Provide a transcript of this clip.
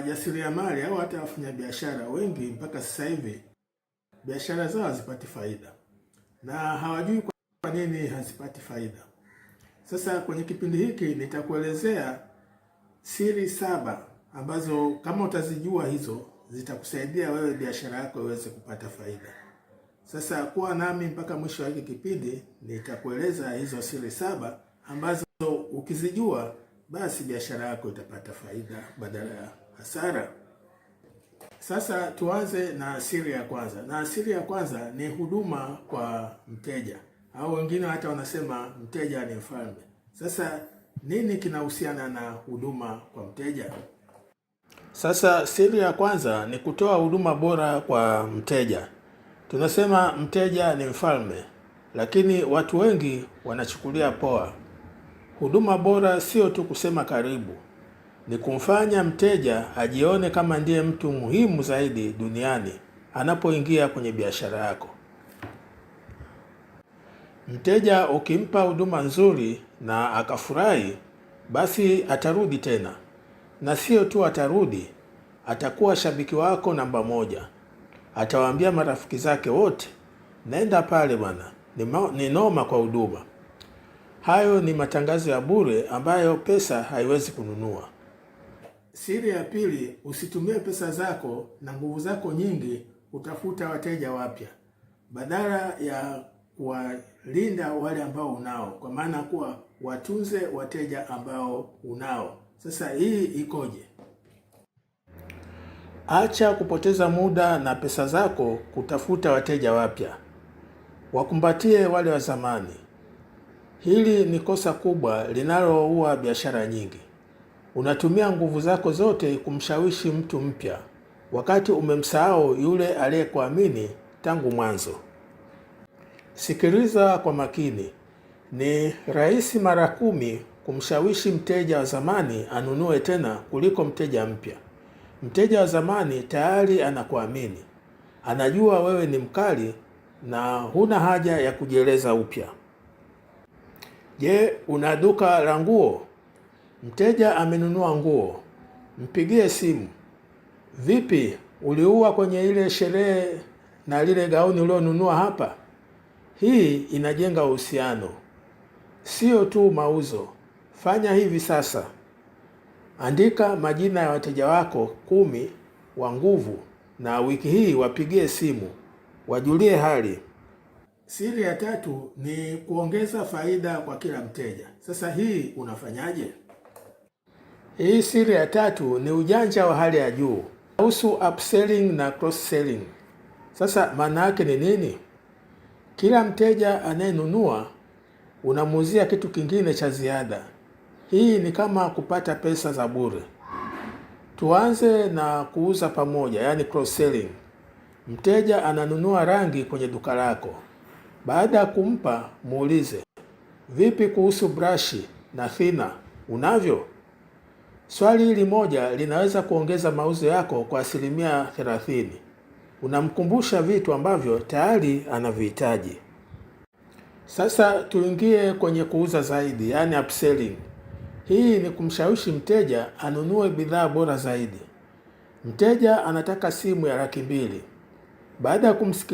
wajasiriamali au hata wafanyabiashara wengi mpaka sasa hivi biashara zao hazipati faida na hawajui kwa nini hazipati faida. Sasa kwenye kipindi hiki nitakuelezea siri saba ambazo kama utazijua hizo zitakusaidia wewe biashara yako iweze kupata faida. Sasa kuwa nami mpaka mwisho wa hiki kipindi, nitakueleza hizo siri saba ambazo ukizijua basi biashara yako itapata faida badala ya hasara. Sasa tuanze na asili ya kwanza, na asili ya kwanza ni huduma kwa mteja, au wengine hata wanasema mteja ni mfalme. Sasa nini kinahusiana na huduma kwa mteja? Sasa siri ya kwanza ni kutoa huduma bora kwa mteja. Tunasema mteja ni mfalme, lakini watu wengi wanachukulia poa. Huduma bora sio tu kusema karibu, ni kumfanya mteja ajione kama ndiye mtu muhimu zaidi duniani anapoingia kwenye biashara yako. Mteja ukimpa huduma nzuri na akafurahi, basi atarudi tena, na sio tu atarudi, atakuwa shabiki wako namba moja. Atawaambia marafiki zake wote, naenda pale bwana, ni noma kwa huduma. Hayo ni matangazo ya bure ambayo pesa haiwezi kununua. Siri ya pili, usitumie pesa zako na nguvu zako nyingi kutafuta wateja wapya, badala ya kuwalinda wale ambao unao, kwa maana kuwa watunze wateja ambao unao. Sasa hii ikoje? Acha kupoteza muda na pesa zako kutafuta wateja wapya, wakumbatie wale wa zamani. Hili ni kosa kubwa linaloua biashara nyingi. Unatumia nguvu zako zote kumshawishi mtu mpya wakati umemsahau yule aliyekuamini tangu mwanzo. Sikiliza kwa makini. Ni rahisi mara kumi kumshawishi mteja wa zamani anunue tena kuliko mteja mpya. Mteja wa zamani tayari anakuamini, anajua wewe ni mkali na huna haja ya kujieleza upya. Je, una duka la nguo? Mteja amenunua nguo, mpigie simu. Vipi, uliua kwenye ile sherehe na lile gauni ulionunua hapa? Hii inajenga uhusiano, sio tu mauzo. Fanya hivi sasa. Andika majina ya wateja wako kumi wa nguvu, na wiki hii wapigie simu, wajulie hali. Siri ya tatu ni kuongeza faida kwa kila mteja. Sasa hii unafanyaje? Hii siri ya tatu ni ujanja wa hali ya juu kuhusu upselling na cross selling. Sasa maana yake ni nini? Kila mteja anayenunua unamuuzia kitu kingine cha ziada. Hii ni kama kupata pesa za bure. Tuanze na kuuza pamoja, yani cross selling. Mteja ananunua rangi kwenye duka lako. Baada ya kumpa, muulize, vipi kuhusu brashi na thina, unavyo? Swali hili moja linaweza kuongeza mauzo yako kwa asilimia 30. Unamkumbusha vitu ambavyo tayari anavihitaji. Sasa tuingie kwenye kuuza zaidi, yani upselling. Hii ni kumshawishi mteja anunue bidhaa bora zaidi. Mteja anataka simu ya laki mbili. Baada ya kumsikiliza